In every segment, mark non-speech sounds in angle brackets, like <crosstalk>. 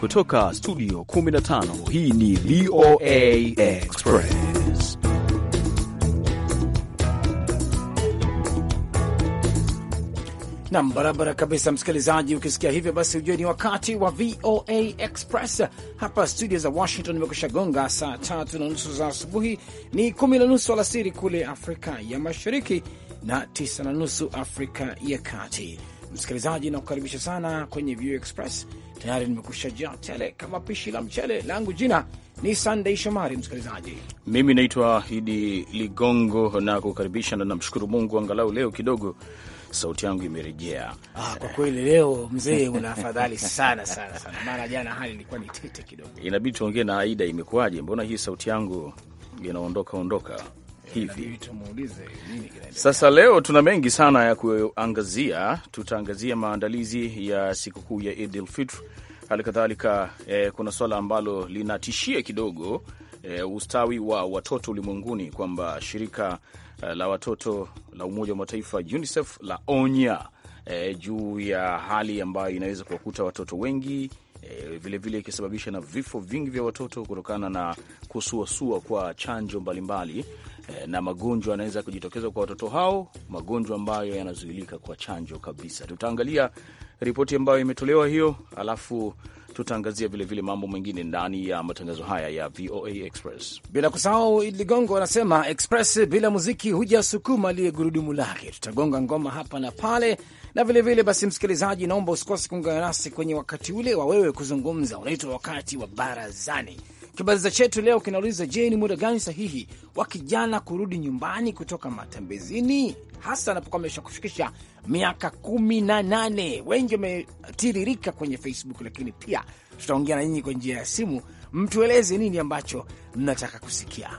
Kutoka studio 15 hii ni VOA Express. Nam barabara kabisa, msikilizaji. Ukisikia hivyo, basi ujue ni wakati wa VOA Express hapa studio za Washington. Imekusha gonga saa tatu na nusu za asubuhi, ni kumi na nusu alasiri kule Afrika ya Mashariki na tisa na nusu Afrika ya Kati. Msikilizaji, nakukaribisha sana kwenye View Express. Tayari nimekusha jaa tele kama pishi la mchele langu. Jina ni sandei Shomari. Msikilizaji, mimi naitwa Idi Ligongo na kukaribisha, na namshukuru Mungu angalau leo kidogo sauti yangu imerejea. Ah, kwa kweli leo mzee una afadhali sana sana sana, maana jana hali ilikuwa ni tete kidogo. Inabidi tuongee na Aida, imekuwaje? Mbona hii sauti yangu inaondoka ondoka? hivi. Sasa leo tuna mengi sana ya kuangazia. Tutaangazia maandalizi ya sikukuu ya Idil Fitr, hali kadhalika eh, kuna suala ambalo linatishia kidogo eh, ustawi wa watoto ulimwenguni, kwamba shirika eh, la watoto la Umoja wa Mataifa UNICEF la onya eh, juu ya hali ambayo inaweza kuwakuta watoto wengi vilevile eh, ikisababisha vile na vifo vingi vya watoto kutokana na kusuasua kwa chanjo mbalimbali Eh, na magonjwa yanaweza kujitokeza kwa watoto hao, magonjwa ambayo yanazuilika kwa chanjo kabisa. Tutaangalia ripoti ambayo imetolewa hiyo, alafu tutaangazia vilevile mambo mengine ndani ya matangazo haya ya VOA Express, bila kusahau id Ligongo anasema Express bila muziki hujasukuma liye gurudumu lake. Tutagonga ngoma hapa na pale na vilevile vile. Basi msikilizaji, naomba usikose kuungana nasi kwenye wakati ule wa wewe kuzungumza, unaitwa wakati wa barazani Kibaraza chetu leo kinauliza, je, ni muda gani sahihi wa kijana kurudi nyumbani kutoka matembezini, hasa anapokuwa kufikisha miaka kumi na nane? Wengi wametiririka kwenye Facebook, lakini pia tutaongea na nyinyi kwa njia ya simu. Mtueleze nini ambacho mnataka kusikia.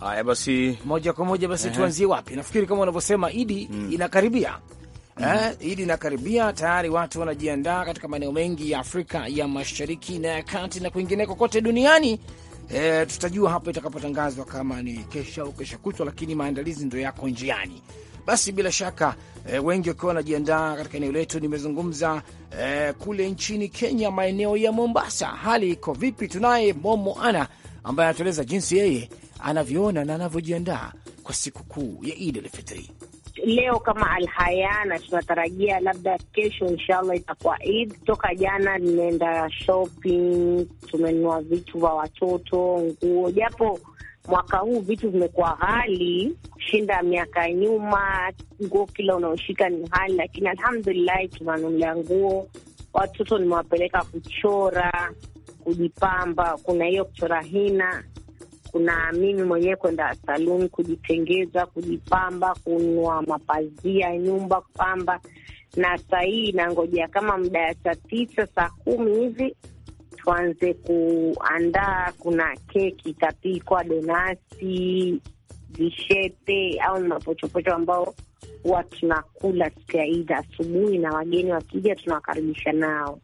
Haya basi, moja kwa moja basi, tuanzie wapi? Nafikiri kama unavyosema Idi, mm. inakaribia Eh, Idi inakaribia tayari, watu wanajiandaa katika maeneo mengi ya Afrika ya mashariki na ya kati na kwingineko kote duniani. Eh, tutajua hapo itakapotangazwa kama ni kesha au kesha kutwa, lakini maandalizi ndo yako njiani. Basi bila shaka eh, wengi wakiwa wanajiandaa katika eneo letu. Nimezungumza eh, kule nchini Kenya, maeneo ya Mombasa, hali iko vipi? Tunaye Momo Ana ambaye anatueleza jinsi yeye anavyoona na anavyojiandaa kwa sikukuu ya Idi leo kama alhayana na tunatarajia labda kesho inshallah itakuwa Eid. Toka jana nimeenda shopping, tumenunua vitu vya watoto, nguo, japo mwaka huu vitu vimekuwa ghali kushinda miaka ya nyuma. Nguo kila unaoshika ni ghali, lakini alhamdulillahi tunanunulia nguo watoto, nimewapeleka kuchora, kujipamba, kuna hiyo kuchora hina kuna mimi mwenyewe kwenda saluni kujitengeza, kujipamba, kununua mapazia nyumba, kupamba. Na saa hii nangojea kama muda ya saa tisa saa kumi hivi tuanze kuandaa. Kuna keki itapikwa, donasi, vishepe au mapochopocho ambao huwa tunakula siku ya Idi asubuhi, na wageni wakija tunawakaribisha nao.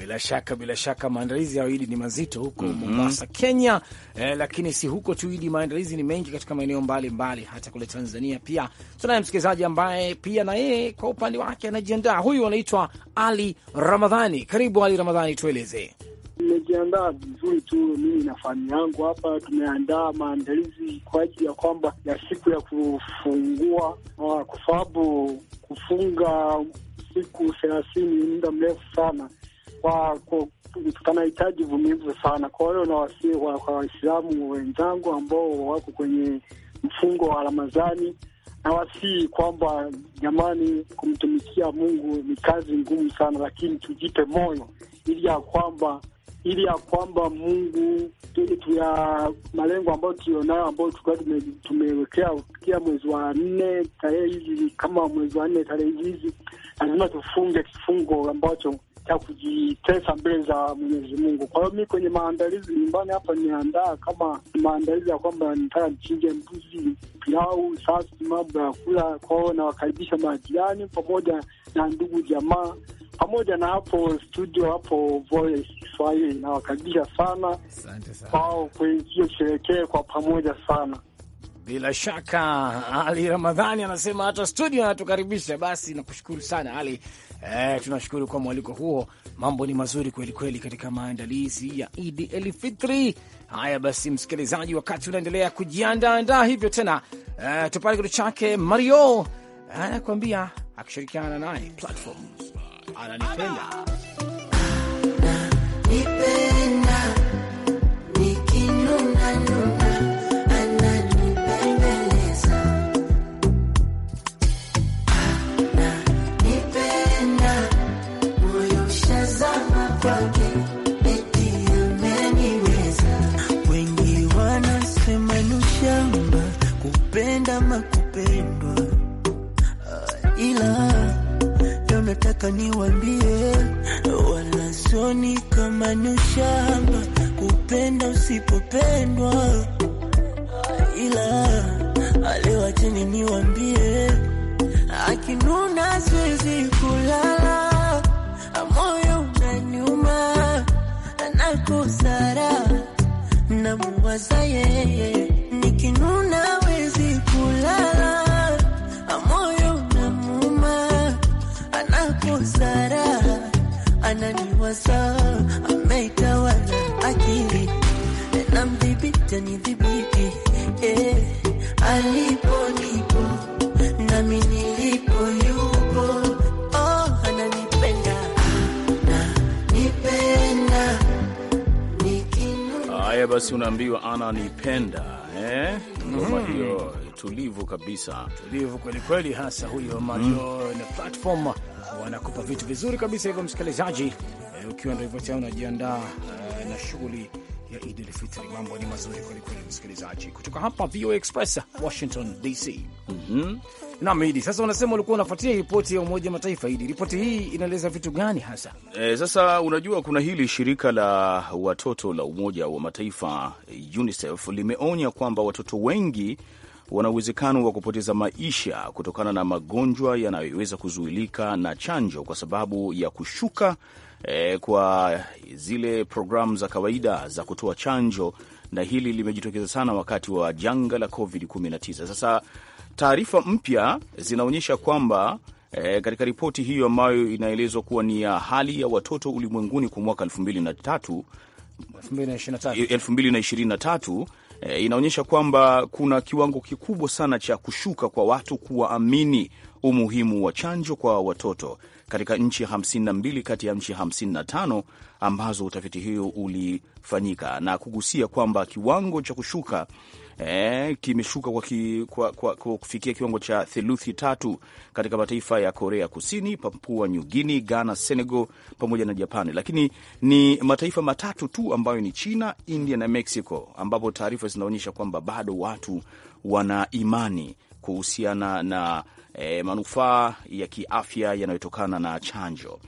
Bila shaka, bila shaka maandalizi ya Idi ni mazito huko mm -hmm. Mombasa, Kenya. Eh, lakini si huko tu Idi, maandalizi ni mengi katika maeneo mbalimbali, hata kule Tanzania pia. Tunaye msikilizaji ambaye pia na yeye kwa upande wake anajiandaa. Huyu anaitwa Ali Ramadhani. Karibu Ali Ramadhani, tueleze. Nimejiandaa vizuri tu mimi na familia yangu hapa. Tumeandaa maandalizi kwa ajili ya kwamba ya siku ya kufungua, kwa sababu kufunga siku thelathini ni muda mrefu sana panahitaji vumivu sana. Kwa hiyo na kwa Waislamu wenzangu ambao wako kwenye mfungo wa Ramadhani na kwamba jamani, kumtumikia Mungu ni kazi ngumu sana, lakini tujipe moyo ili ya kwamba ili ya kwamba Mungu tuya malengo ambayo tulionayo ambayo tulikuwa tumewekea kia mwezi wa nne tarehe hizi, kama mwezi wa nne tarehe hizi, lazima tufunge kifungo ambacho ya kujitesa mbele za Mwenyezi Mungu. Kwa hiyo mi kwenye maandalizi nyumbani hapa niandaa kama maandalizi ya kwamba nitaka nichinje mbuzi, pilau, sasi, mambo ya kula kwao. Nawakaribisha majirani pamoja na ndugu jamaa pamoja na hapo studio hapo Voice Kiswahili inawakaribisha sana. Asante sana kwao, kwenye sherekee kwa pamoja sana. Bila shaka Ali Ramadhani anasema hata studio anatukaribisha. Basi nakushukuru sana Ali Eh, tunashukuru kwa mwaliko huo. Mambo ni mazuri kweli kweli katika maandalizi ya Idi Elfitri. Haya basi, msikilizaji, wakati unaendelea kujiandaandaa hivyo tena, eh, tupate kitu chake Mario eh, akishirikiana naye platform ananipenda nipenda nikinunanu basi unaambiwa nipenda eh? Ngoma mm mm-hmm. hiyo Tulivu kabisa, tulivu kweli kweli, hasa huyo Mario mm. na platform wanakupa vitu vizuri kabisa hivyo, msikilizaji eh, ukiwa ndio hivyo unajiandaa eh, na shughuli ya Idi Lfitri. Mambo ni mazuri kweli, msikilizaji, kutoka hapa VOA Express Washington DC. mm -hmm. Nam Idi, sasa unasema ulikuwa unafuatia ripoti ya Umoja Mataifa. Idi, ripoti hii inaeleza vitu gani hasa? E, sasa unajua kuna hili shirika la watoto la Umoja wa Mataifa UNICEF limeonya kwamba watoto wengi wana uwezekano wa kupoteza maisha kutokana na magonjwa yanayoweza kuzuilika na chanjo kwa sababu ya kushuka eh, kwa zile programu za kawaida za kutoa chanjo, na hili limejitokeza sana wakati wa janga la COVID-19. Sasa taarifa mpya zinaonyesha kwamba E, katika ripoti hiyo ambayo inaelezwa kuwa ni ya hali ya watoto ulimwenguni kwa mwaka 2023 e, inaonyesha kwamba kuna kiwango kikubwa sana cha kushuka kwa watu kuwaamini umuhimu wa chanjo kwa watoto katika nchi 52 kati ya nchi 55 ambazo utafiti hiyo ulifanyika na kugusia kwamba kiwango cha kushuka eh, kimeshuka kwa, ki, kwa, kwa, kwa kufikia kiwango cha theluthi tatu katika mataifa ya Korea Kusini, Papua New Guinea, Ghana, Senegal pamoja na Japani, lakini ni mataifa matatu tu ambayo ni China, India na Mexico, ambapo taarifa zinaonyesha kwamba bado watu wana imani kuhusiana na e, manufaa ya kiafya yanayotokana na chanjo.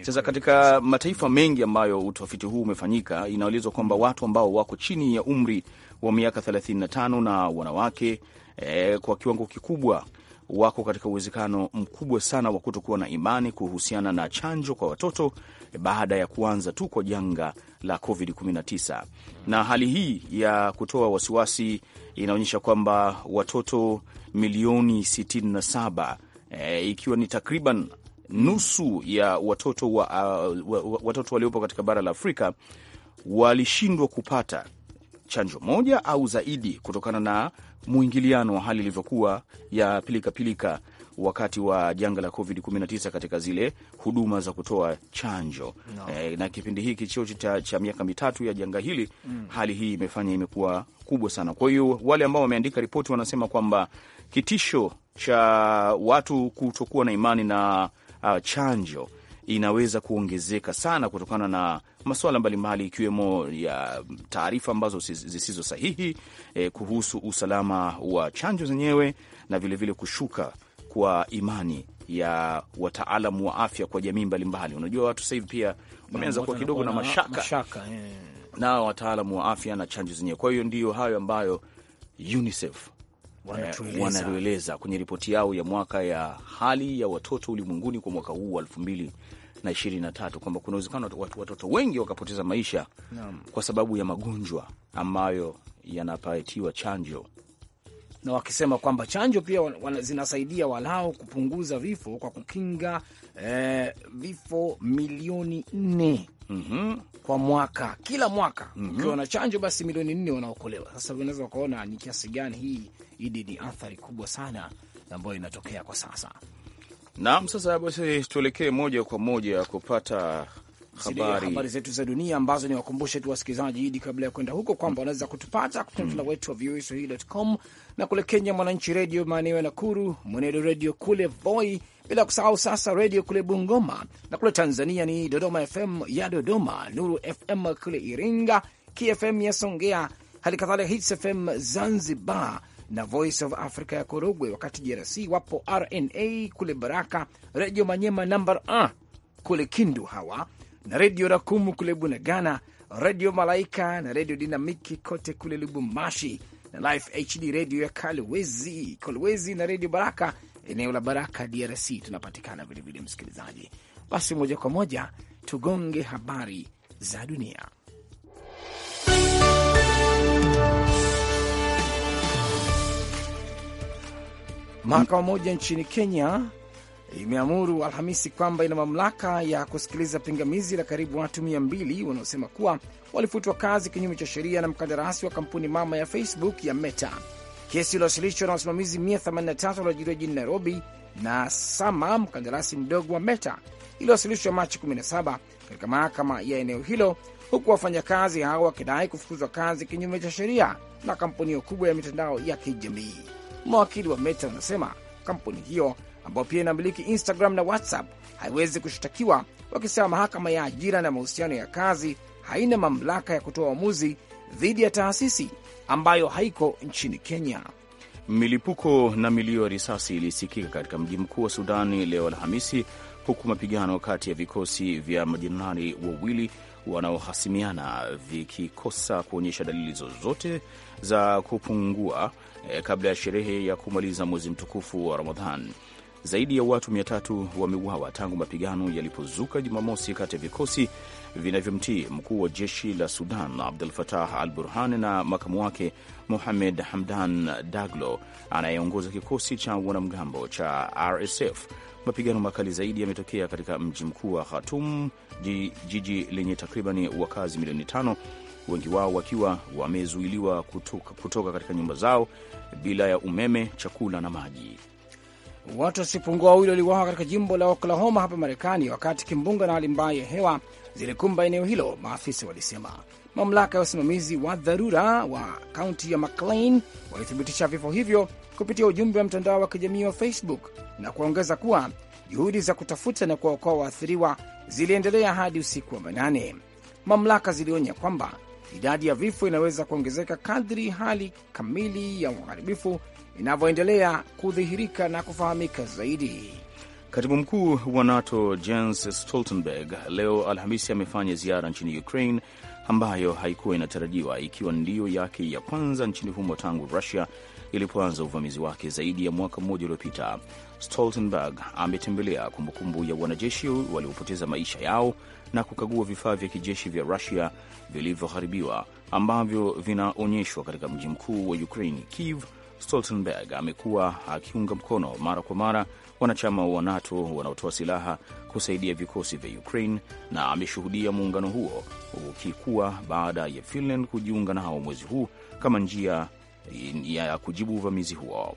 Sasa katika mataifa mengi ambayo utafiti huu umefanyika, inaelezwa kwamba watu ambao wako chini ya umri wa miaka 35 na wanawake e, kwa kiwango kikubwa wako katika uwezekano mkubwa sana wa kutokuwa na imani kuhusiana na chanjo kwa watoto baada ya kuanza tu kwa janga la COVID-19. Na hali hii ya kutoa wasiwasi inaonyesha kwamba watoto milioni 67 e, eh, ikiwa ni takriban nusu ya watoto wa, uh, watoto waliopo katika bara la Afrika walishindwa kupata chanjo moja au zaidi kutokana na mwingiliano wa hali ilivyokuwa ya pilikapilika pilika wakati wa janga la COVID-19 katika zile huduma za kutoa chanjo no. E, na kipindi hiki chote cha, cha miaka mitatu ya janga hili mm. hali hii imefanya imekuwa kubwa sana. Kwa hiyo wale ambao wameandika ripoti wanasema kwamba kitisho cha watu kutokuwa na imani na uh, chanjo inaweza kuongezeka sana kutokana na masuala mbalimbali ikiwemo ya taarifa ambazo zisizo sahihi eh, kuhusu usalama wa chanjo zenyewe na vilevile vile kushuka kwa imani ya wataalamu wa afya kwa jamii mbalimbali. Unajua, watu sasa hivi pia wameanza kuwa kidogo na mashaka, mashaka yeah, na wataalamu wa afya na chanjo zenyewe. Kwa hiyo ndiyo hayo ambayo UNICEF wanatueleza kwenye ripoti yao ya mwaka ya hali ya watoto ulimwenguni kwa mwaka huu wa elfu mbili na ishirini na tatu kwamba kuna uwezekano watoto wengi wakapoteza maisha kwa sababu ya magonjwa ambayo yanapatiwa chanjo na wakisema kwamba chanjo pia wana, zinasaidia walao kupunguza vifo kwa kukinga eh, vifo milioni nne mm -hmm. kwa mwaka kila mwaka mm -hmm. ukiwa na chanjo basi milioni nne wanaokolewa. Sasa unaweza ukaona ni kiasi gani hii Idi, ni athari kubwa sana ambayo inatokea kwa sasa. Naam, sasa basi tuelekee moja kwa moja kupata habari, habari zetu za dunia ambazo ni wakumbushe tu wasikilizaji Idi, kabla ya kwenda huko kwamba wanaweza kutupata kupitia mtandao wetu wa voaswahili.com na kule Kenya, Mwananchi Redio maeneo ya Nakuru, Mwenedo Redio kule Voi, bila kusahau sasa redio kule Bungoma, na kule Tanzania ni Dodoma FM ya Dodoma, Nuru FM kule Iringa, KFM ya Songea, hali kadhalika Hits FM Zanzibar na Voice of Africa ya Korogwe, wakati DRC wapo RNA kule Baraka, Redio Manyema namba a kule Kindu hawa na Redio Rakumu kule Bunagana, Redio Malaika na Redio Dinamiki kote kule Lubumbashi, na Life HD Redio ya Kalwezi, Kolwezi na Redio Baraka eneo la Baraka DRC tunapatikana vilevile, msikilizaji. Basi moja kwa moja tugonge habari za dunia. Mahakama moja nchini Kenya imeamuru Alhamisi kwamba ina mamlaka ya kusikiliza pingamizi la karibu watu mia mbili wanaosema kuwa walifutwa kazi kinyume cha sheria na mkandarasi wa kampuni mama ya Facebook ya Meta. Kesi iliwasilishwa na wasimamizi 183 walioajiriwa jijini Nairobi na Sama, mkandarasi mdogo wa Meta, iliwasilishwa Machi 17 katika mahakama ya eneo hilo, huku wafanyakazi hao wakidai kufukuzwa kazi kinyume cha sheria na kampuni hiyo kubwa ya mitandao ya kijamii. Mawakili wa Meta wanasema kampuni hiyo ambayo pia inamiliki Instagram na WhatsApp haiwezi kushtakiwa, wakisema mahakama ya ajira na mahusiano ya kazi haina mamlaka ya kutoa uamuzi dhidi ya taasisi ambayo haiko nchini Kenya. Milipuko na milio ya risasi ilisikika katika mji mkuu wa Sudani leo Alhamisi, huku mapigano kati ya vikosi vya majenerali wawili wanaohasimiana vikikosa kuonyesha dalili zozote za kupungua e, kabla ya sherehe ya kumaliza mwezi mtukufu wa Ramadhan. Zaidi ya watu i3 wameuawa tangu mapigano yalipozuka Jumamosi kati ya vikosi vinavyomtii mkuu wa jeshi la Sudan Abdul Fatah al Burhan na makamu wake muhamed Hamdan Daglo anayeongoza kikosi cha wanamgambo cha RSF. Mapigano makali zaidi yametokea katika mji mkuu wa Khartoum, jiji lenye takribani wakazi milioni tano, wengi wao wakiwa wamezuiliwa kutoka, kutoka katika nyumba zao bila ya umeme, chakula na maji. Watu wasipungua wawili waliuawa katika jimbo la Oklahoma hapa Marekani wakati kimbunga na hali mbaya ya hewa zilikumba eneo hilo, maafisa walisema. Mamlaka ya usimamizi wa dharura wa kaunti ya McLean walithibitisha vifo hivyo kupitia ujumbe wa mtandao wa kijamii wa Facebook na kuongeza kuwa juhudi za kutafuta na kuwaokoa waathiriwa ziliendelea hadi usiku wa manane. Mamlaka zilionya kwamba idadi ya vifo inaweza kuongezeka kadri hali kamili ya uharibifu inavyoendelea kudhihirika na kufahamika zaidi. Katibu mkuu wa NATO Jens Stoltenberg leo Alhamisi amefanya ziara nchini Ukraine ambayo haikuwa inatarajiwa, ikiwa ndiyo yake ya kwanza nchini humo tangu Rusia ilipoanza uvamizi wake zaidi ya mwaka mmoja uliopita. Stoltenberg ametembelea kumbukumbu ya wanajeshi waliopoteza maisha yao na kukagua vifaa vya kijeshi vya Rusia vilivyoharibiwa ambavyo vinaonyeshwa katika mji mkuu wa Ukraine, Kiev Stoltenberg amekuwa akiunga mkono mara kwa mara wanachama wa NATO wanaotoa silaha kusaidia vikosi vya Ukraine na ameshuhudia muungano huo ukikua baada ya Finland kujiunga nao mwezi huu kama njia ya kujibu uvamizi huo.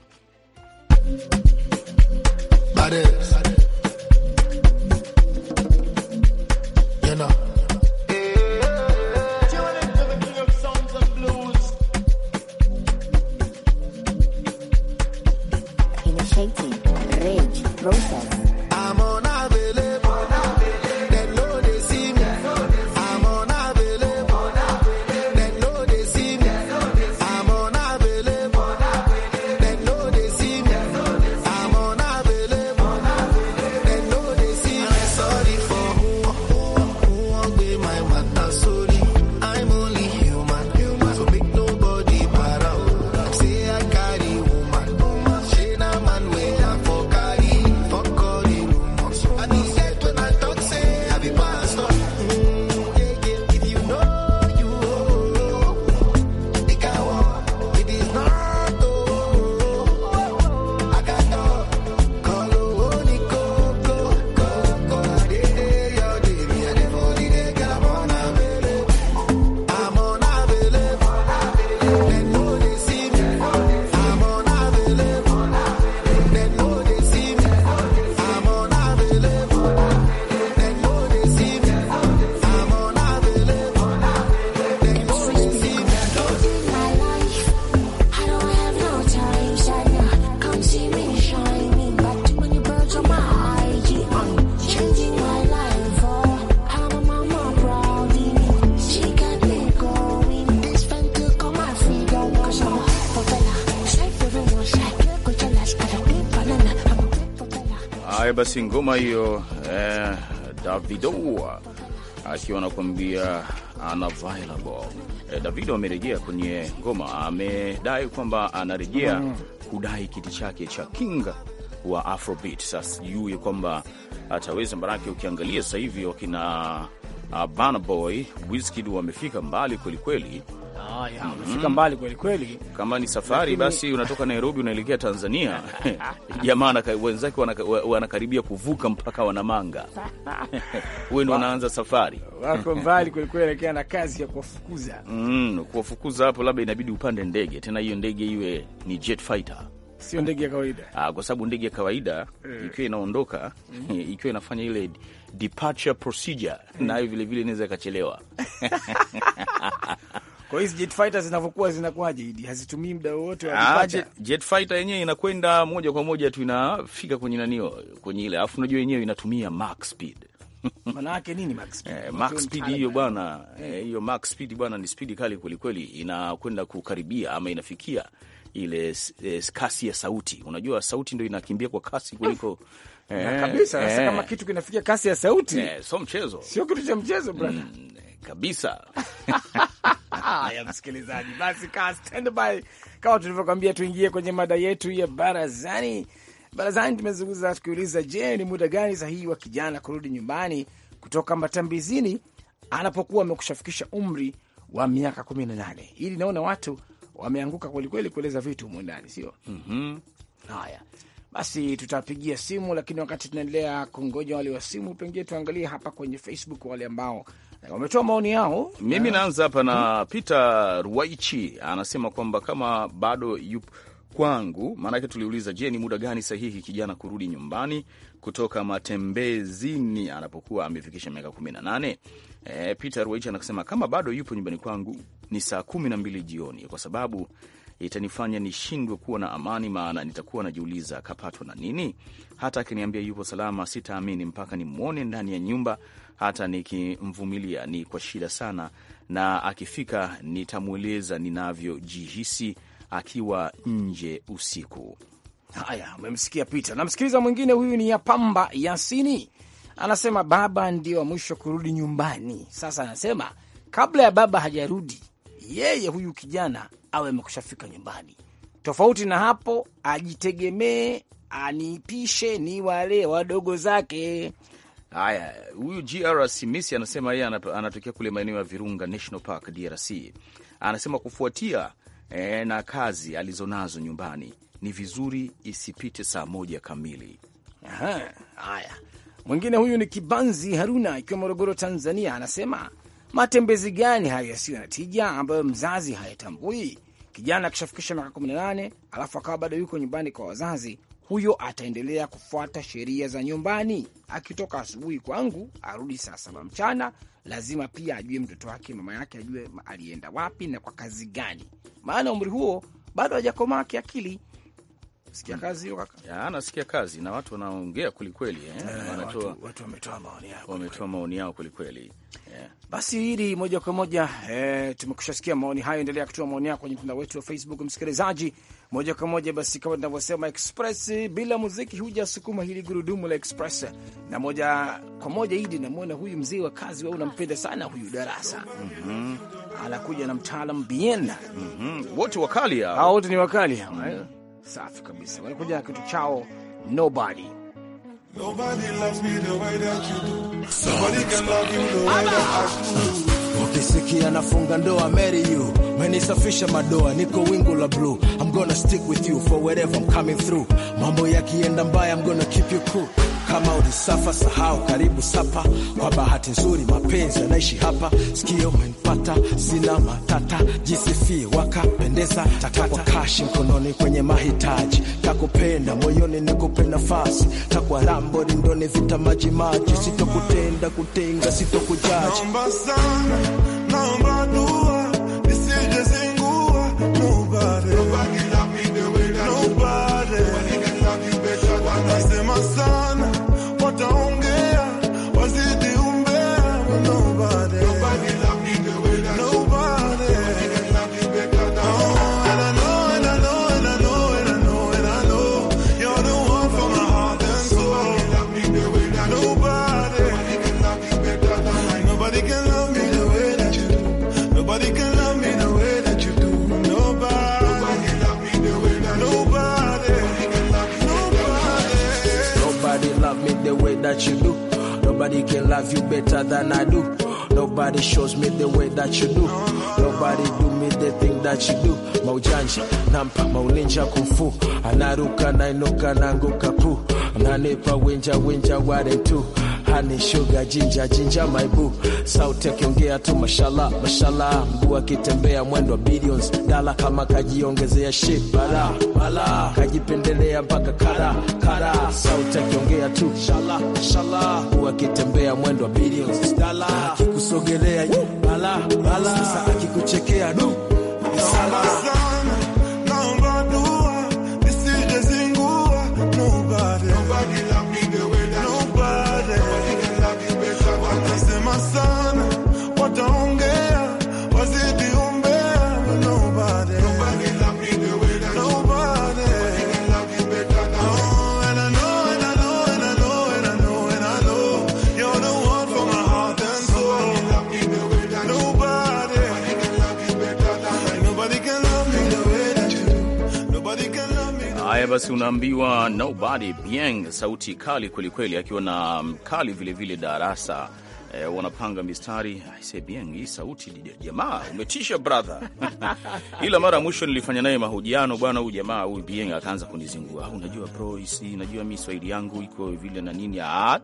basi ngoma hiyo eh, Davido akiwa anakuambia unavailable. Eh, Davido amerejea kwenye ngoma, amedai kwamba anarejea mm. kudai kiti chake cha kinga wa Afrobeat. Sasa sijui kwamba ataweza, maanake ukiangalia sasa hivi wakina uh, Burna Boy, Wizkid wamefika mbali kwelikweli kweli. Haya, mbali kweli kweli. Kama ni safari Lakini... basi unatoka Nairobi unaelekea Tanzania <laughs> jamaa wenzake wanakaribia kuvuka mpaka wa Namanga huwe <laughs> ndo wanaanza safari wako mbali kweli kweli, lakini ana kazi ya kuwafukuza mm, kuwafukuza hapo, labda inabidi upande ndege tena, hiyo ndege iwe ni jet fighter sio ndege ya kawaida ah, kwa sababu ndege ya kawaida mm. ikiwa inaondoka mm. <laughs> ikiwa inafanya ile departure procedure mm. nayo vilevile inaweza ikachelewa kwa hizi jet fighter zinavyokuwa zinakuwaje hidi? Hazitumii muda wote wa ah, jet, jet fighter yenyewe inakwenda moja kwa moja tu inafika kwenye nanio kwenye ile. Alafu unajua yenyewe inatumia max speed. <laughs> Maana yake nini max speed? Eh, max speed hiyo bwana, eh. Eh, hiyo eh, max speed bwana ni speed kali kweli kweli, inakwenda kukaribia ama inafikia ile eh, kasi ya sauti. Unajua sauti ndio inakimbia kwa kasi kuliko <laughs> eh, kabisa. Sasa eh, kama kitu kinafikia kasi ya sauti eh, so mchezo, sio kitu cha mchezo bwana mm, eh, kabisa <laughs> Haya, msikilizaji, basi kaa standby, kama tulivyokwambia, tuingie kwenye mada yetu ya barazani. Barazani tumezungumza tukiuliza, je, ni muda gani sahihi wa kijana kurudi nyumbani kutoka matambizini anapokuwa amekushafikisha umri wa miaka kumi na nane? Ili naona watu wameanguka kwelikweli kueleza vitu humo ndani, sio mm -hmm. Haya basi, tutapigia simu, lakini wakati tunaendelea kungoja wale wa simu, pengine tuangalie hapa kwenye Facebook wale ambao wametoa maoni yao. Mimi eh. naanza hapa na Peter Ruwaichi, anasema kwamba kama bado yupo kwangu, maanake tuliuliza, je, ni muda gani sahihi kijana kurudi nyumbani kutoka matembezini anapokuwa amefikisha miaka kumi na nane? E, Peter Ruwaichi anasema kama bado yupo nyumbani kwangu ni saa kumi na mbili jioni kwa sababu itanifanya nishindwe kuwa na amani, maana nitakuwa najiuliza kapatwa na nini. Hata akiniambia yupo salama, sitaamini mpaka nimwone ndani ya nyumba. Hata nikimvumilia ni kwa shida sana, na akifika nitamweleza ninavyojihisi akiwa nje usiku. Haya, umemsikia Peter. Namsikiliza mwingine, huyu ni Yapamba Yasini, anasema baba ndio wa mwisho kurudi nyumbani. Sasa anasema kabla ya baba hajarudi, yeye huyu kijana awe amekushafika nyumbani. Tofauti na hapo, ajitegemee, anipishe, ni wale wadogo zake. Haya, huyu GRC Simisi anasema yeye anatokea kule maeneo ya Virunga National Park, DRC. Anasema kufuatia e, na kazi alizonazo nyumbani ni vizuri isipite saa moja kamili. Aha, haya mwingine huyu ni Kibanzi Haruna ikiwa Morogoro, Tanzania, anasema matembezi gani hayo yasiyo na tija ambayo mzazi hayatambui Kijana akishafikisha miaka 18 alafu akawa bado yuko nyumbani kwa wazazi, huyo ataendelea kufuata sheria za nyumbani. Akitoka asubuhi kwangu arudi saa saba mchana, lazima pia ajue mtoto wake, mama yake, ajue alienda wapi na kwa kazi gani, maana umri huo bado hajakomaa kiakili Sikia kazi hiyo kaka, anasikia kazi na watu wanaongea kulikweli eh? E, watu, watu wametoa maoni yao, wametoa maoni yao kwelikweli yeah. Eh. Basi hili moja kwa moja e, eh, tumekushasikia maoni hayo. Endelea kutoa maoni yao kwenye mtandao wetu wa Facebook, msikilizaji. Moja kwa moja basi, kama tunavyosema Express, bila muziki hujasukuma hili gurudumu la Express. Na moja kwa moja hili namwona huyu mzee wa kazi, wewe unampenda sana huyu Darasa Mhm. mm anakuja na mtaalam bien mm wote wakali hao, wote ni wakali hao mm -hmm. Safi kabisa, walikuja na kitu chao nobody Ukisikia nafunga ndoa marry you, menisafisha madoa, niko wingu la blue. I'm gonna stick with you for wherever I'm coming through. Mambo yakienda mbaya, I'm gonna keep you cool kama ulisafa sahau, karibu sapa. Kwa bahati nzuri mapenzi yanaishi hapa. Sikio umenipata, sina matata. Jisifie wakapendeza, takwa kashi mkononi kwenye mahitaji. Takupenda moyoni, nikupe nafasi. Takwa rambo rindoni, vita maji maji. Sitokutenda kutenga, sitokujaji. Naomba sana, naomba dua Nobody can love you better than I do. Nobody shows me the way that you do. Nobody do me the thing that you do. Maujanja, nampa, maulinja kufu. Anaruka, nainuka, nanguka pu. Nanepa, winja, winja, ware too. honey sugar ginger ginger my boo, sauti akiongea tu mashala mashallah, mguu akitembea mwendo wa billions dala, kama kajiongezea shit bala bala, kajipendelea mpaka kara kara, sauti akiongea tu shala shala, mguu akitembea mwendo wa billions dala, akikusogelea bala bala, sasa akikuchekea du sala basi unaambiwa Nobody Bieng, sauti kali kwelikweli, akiwa na mkali vilevile darasa E, wanapanga mistari Bieng, hii sauti jamaa umetisha brother. <laughs> Ila mara ya mwisho nilifanya naye mahojiano bwana, huyu jamaa huyu Bieng akaanza kunizingua, unajua bro, isi najua mi Swahili yangu iko vile na nini, ah,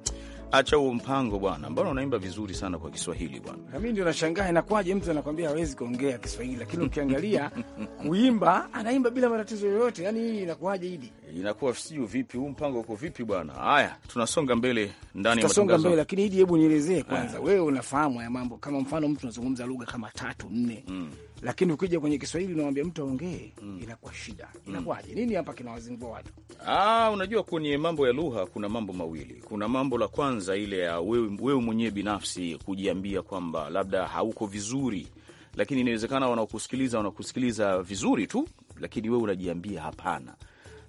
acha huo mpango bwana. Mbona unaimba vizuri sana kwa Kiswahili bwana? Mimi ndio nashangaa inakwaje, mtu anakwambia hawezi kuongea Kiswahili, lakini ukiangalia <laughs> kuimba, anaimba bila matatizo yoyote. Yani hii inakuwaje? Hili inakuwa sijui vipi, huu mpango uko vipi bwana? Haya, tunasonga mbele ndani ya matangazo mbele, lakini hidi, hebu nielezee kwanza, eh. wewe unafahamu haya mambo, kama mfano mtu anazungumza lugha kama tatu nne mm lakini ukija kwenye Kiswahili unawambia mtu aongee, mm. inakuwa shida. Mm. Inakuwaje? mm. nini hapa kinawazingua watu? Ah, unajua kwenye mambo ya lugha kuna mambo mawili. Kuna mambo la kwanza ile ya wewe, wewe mwenyewe binafsi kujiambia kwamba labda hauko vizuri, lakini inawezekana wanaokusikiliza wanakusikiliza vizuri tu, lakini wewe unajiambia hapana.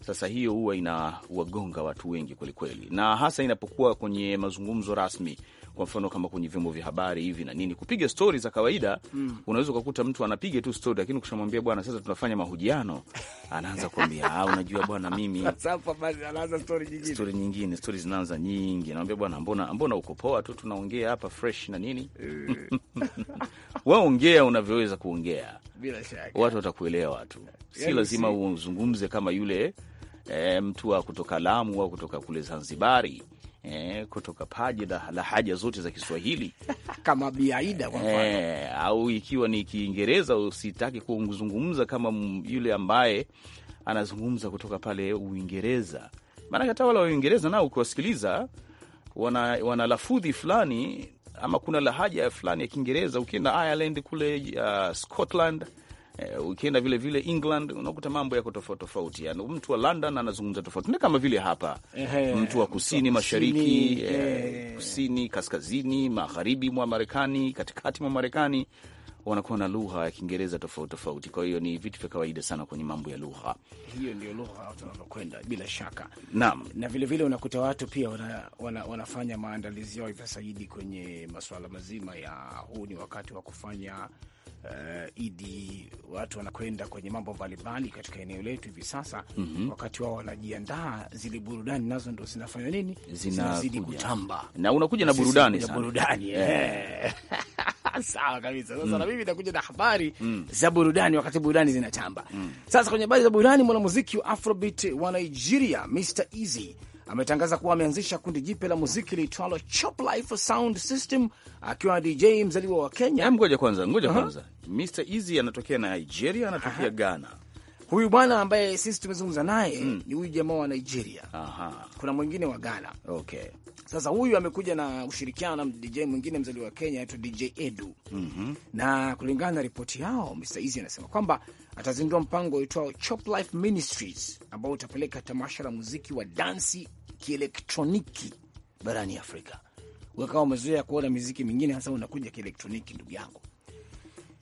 Sasa hiyo huwa inawagonga watu wengi kwelikweli, na hasa inapokuwa kwenye mazungumzo rasmi kwa mfano kama kwenye vyombo vya habari hivi na nini, kupiga stori za kawaida mm. Unaweza ukakuta mtu anapiga tu stori, lakini ukishamwambia bwana, sasa tunafanya mahojiano, anaanza kuambia ah, unajua bwana, mimi <laughs> stori nyingine, stori nyingine, stori zinaanza nyingi. Naambia bwana, mbona mbona uko poa tu, tunaongea hapa fresh na nini eh. <laughs> waongea unavyoweza kuongea, bila shaka watu watakuelewa tu, si yani lazima si. uzungumze kama yule e, mtu wa kutoka Lamu au kutoka kule Zanzibari eh, kutoka paji la, la haja zote za Kiswahili <laughs> kama biaida kwa mfano eh, au ikiwa ni Kiingereza usitaki kuzungumza kama yule ambaye anazungumza kutoka pale Uingereza, maanake hata wale wa Uingereza nao ukiwasikiliza wana, wana lafudhi fulani ama kuna lahaja fulani ya Kiingereza. Ukienda Ireland kule, uh, Scotland Eh, ukienda vile vile England unakuta mambo yako tofauti tofauti, yani mtu wa London anazungumza tofauti, ni kama vile hapa ehe, mtu wa kusini mashariki, eh. eh, kusini kaskazini, magharibi mwa Marekani, katikati mwa Marekani wanakuwa na lugha ya Kiingereza tofauti tofauti. Kwa hiyo ni vitu vya kawaida sana kwenye mambo ya lugha. Hiyo ndio lugha watu wanavyokwenda, bila shaka. Naam, na vilevile vile unakuta watu pia wana, wana, wanafanya maandalizi yao hivi saidi kwenye masuala mazima ya huu ni wakati wa kufanya Uh, eh, Idi, watu wanakwenda kwenye mambo mbalimbali katika eneo letu hivi sasa. mm -hmm. Wakati wao wanajiandaa, zile burudani nazo ndo zinafanya nini, zinazidi kutamba na unakuja na burudani sana, burudani yeah. Eh. <laughs> sawa kabisa. Sasa mm. na mimi nakuja na habari mm. za burudani, wakati burudani zinatamba. Mm. Sasa kwenye habari za burudani, mwanamuziki wa Afrobeat wa Nigeria Mr Easy ametangaza kuwa ameanzisha kundi jipya la muziki liitwalo Chop Life Sound System akiwa DJ mzaliwa wa Kenya. Ngoja kwanza, ngoja kwanza, Mr Easy anatokea na Nigeria, anatokea Ghana. Huyu bwana ambaye sisi tumezungumza naye mm. ni huyu jamaa wa Nigeria. Aha. kuna mwingine wa Ghana okay. Sasa huyu amekuja na ushirikiano na DJ mwingine mzaliwa wa Kenya aitwa DJ Edu mm -hmm. na kulingana na ripoti yao Mr Easy anasema kwamba atazindua mpango uitwao Chop Life Ministries ambao utapeleka tamasha la muziki wa dansi kielektroniki barani Afrika. Wekawa umezoea kuona miziki mingine, hasa unakuja kielektroniki, ndugu yangu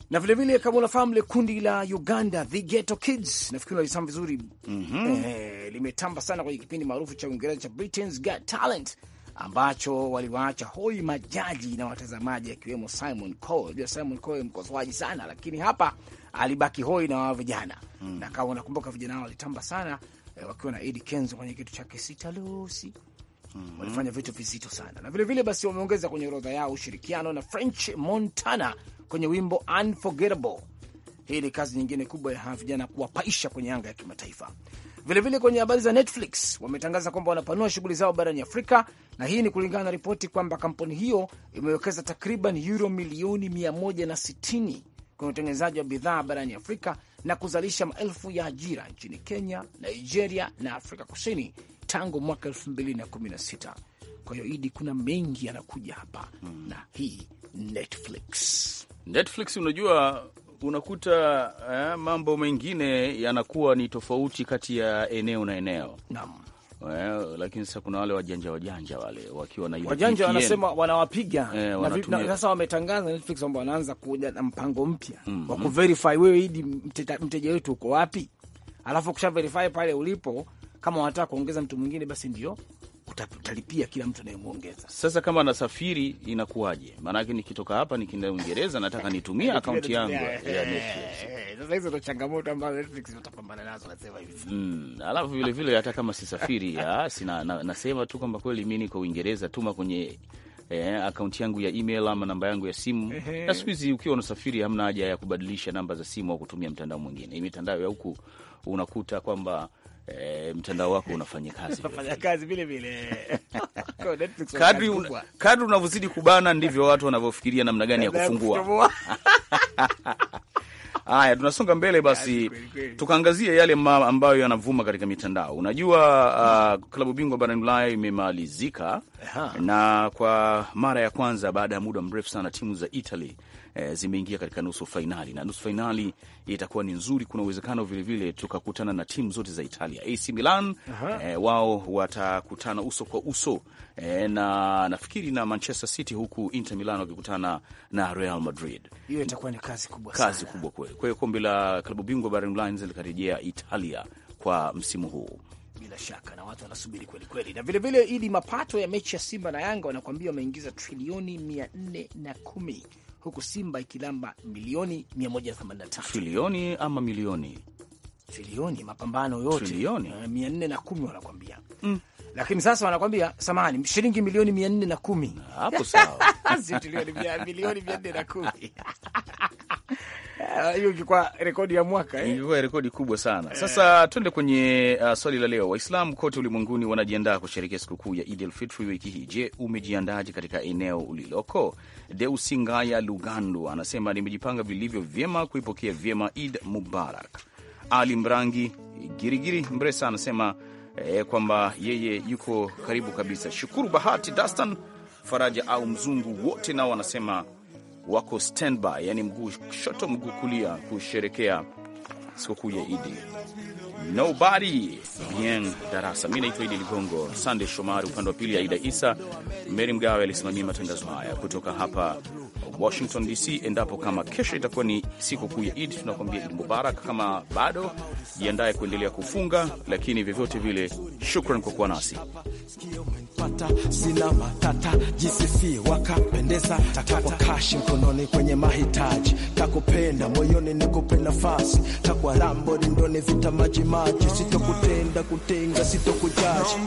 na vilevile kama unafahamu le kundi la Uganda The Ghetto Kids, nafikiri unalifahamu vizuri mm -hmm. Eh, limetamba sana kwenye kipindi maarufu cha Uingereza cha Britain's Got Talent ambacho waliwaacha hoi majaji na watazamaji, akiwemo Simon Cowell. Jua Simon Cowell mkosoaji sana, lakini hapa alibaki hoi na wao vijana mm. na kama unakumbuka vijana hao walitamba sana eh, wakiwa na Eddie Kenzo kwenye kitu chake sitalosi Mm -hmm. Walifanya vitu vizito sana na vilevile vile, basi wameongeza kwenye orodha yao ushirikiano na French Montana kwenye wimbo Unforgettable. Hii ni kazi nyingine kubwa ya vijana kuwapaisha kwenye anga ya kimataifa. Vilevile kwenye habari za Netflix wametangaza kwamba wanapanua shughuli zao barani Afrika, na hii ni kulingana na ripoti kwamba kampuni hiyo imewekeza takriban euro milioni 160 kwenye utengenezaji wa bidhaa barani Afrika na kuzalisha maelfu ya ajira nchini Kenya, Nigeria na Afrika Kusini tangu mwaka 2016. Kwa hiyo Idi, kuna mengi yanakuja hapa hmm. na hii Netflix Netflix unajua unakuta eh, mambo mengine yanakuwa ni tofauti kati ya eneo na eneo. Naam. Well, eh, lakini sasa kuna wale wajanja wajanja wale wakiwa na wajanja wanasema wanawapiga eh, na sasa wametangaza Netflix kwamba wanaanza kuja na mpango mpya mm -hmm. wa kuverify wewe hidi mteja wetu uko wapi, alafu kushaverifi verify pale ulipo, kama wanataka kuongeza mtu mwingine basi ndio utalipia kila mtu anayemwongeza. Sasa kama nasafiri inakuwaje? Maanake nikitoka hapa nikienda Uingereza nataka nitumie akaunti yangu ya Netflix. <laughs> Sasa hizo ndo changamoto ambazo Netflix watapambana nazo, nasema hivi. Hmm, alafu vilevile hata kama sisafiri <laughs> ah, sina, na, nasema tu kwamba kweli mi niko Uingereza, tuma kwenye Eh, akaunti yangu ya email ama namba yangu ya simu. Na siku hizi ukiwa unasafiri, hamna haja ya kubadilisha namba za simu au kutumia mtandao mwingine. Mitandao ya huku unakuta kwamba E, mtandao wako unafanya kazi unafanya kazi vile vile. <laughs> Kadri kadri unavyozidi kubana ndivyo watu wanavyofikiria namna gani ya kufungua. <laughs> Haya, tunasonga mbele basi, tukaangazia yale ambayo yanavuma katika mitandao. Unajua, uh, klabu bingwa barani Ulaya imemalizika na kwa mara ya kwanza baada ya muda mrefu sana timu za Italy e, zimeingia katika nusu fainali, na nusu fainali itakuwa ni nzuri. Kuna uwezekano vilevile tukakutana na timu zote za Italia. AC Milan e, wao watakutana uso kwa uso e, na nafikiri na Manchester City, huku Inter Milan wakikutana na Real Madrid. Hiyo itakuwa ni kazi kubwa, kazi kubwa kweli. Kwa hiyo kombe la klabu bingwa barani Ulaya likarejea Italia kwa msimu huu bila shaka na watu wanasubiri kweli kweli, na vilevile ili mapato ya mechi ya Simba na Yanga wanakuambia wameingiza trilioni mia nne na kumi huku Simba ikilamba milioni 183 trilioni ama milioni trilioni mapambano yote eh, kumi wanakwambia mm. Lakini sasa wanakwambia samani shilingi milioni mia nne na kumi hapo sawa, <laughs> trilioni, milioni mia nne na kumi eh, hiyo rekodi ya mwaka eh? Ilikuwa rekodi kubwa sana. Eh. Sasa twende kwenye uh, swali la leo. waislam kote ulimwenguni wanajiandaa kusherekea sikukuu ya Idil wiki hii. Je, umejiandaje katika eneo uliloko? Deusingaya Lugandu anasema nimejipanga vilivyo vyema kuipokea vyema Id Mubarak. Ali Mrangi Girigiri Mresa anasema eh, kwamba yeye yuko karibu kabisa. Shukuru Bahati Dastan Faraja au Mzungu wote nao wanasema wako standby, yani mguu shoto mguu kulia kusherekea sikukuu ya Idi. Nobody bien darasa. Mi naitwa Idi Ligongo, Sande Shomari upande wa pili, Aida Isa, Meri Mgawe alisimamia matangazo haya kutoka hapa Washington DC, endapo kama kesho itakuwa ni siku kuu ya Idi, tunakuambia Idi Mubarak. Kama bado jiandaye kuendelea kufunga, lakini vyovyote vile, shukran kwa kuwa nasi sina matata jisisi wakapendeza takwa kashi mkononi kwenye mahitaji takupenda moyoni nikupe nafasi takwa rambo lindoni vita maji sitokutenda kutenga sitokujaji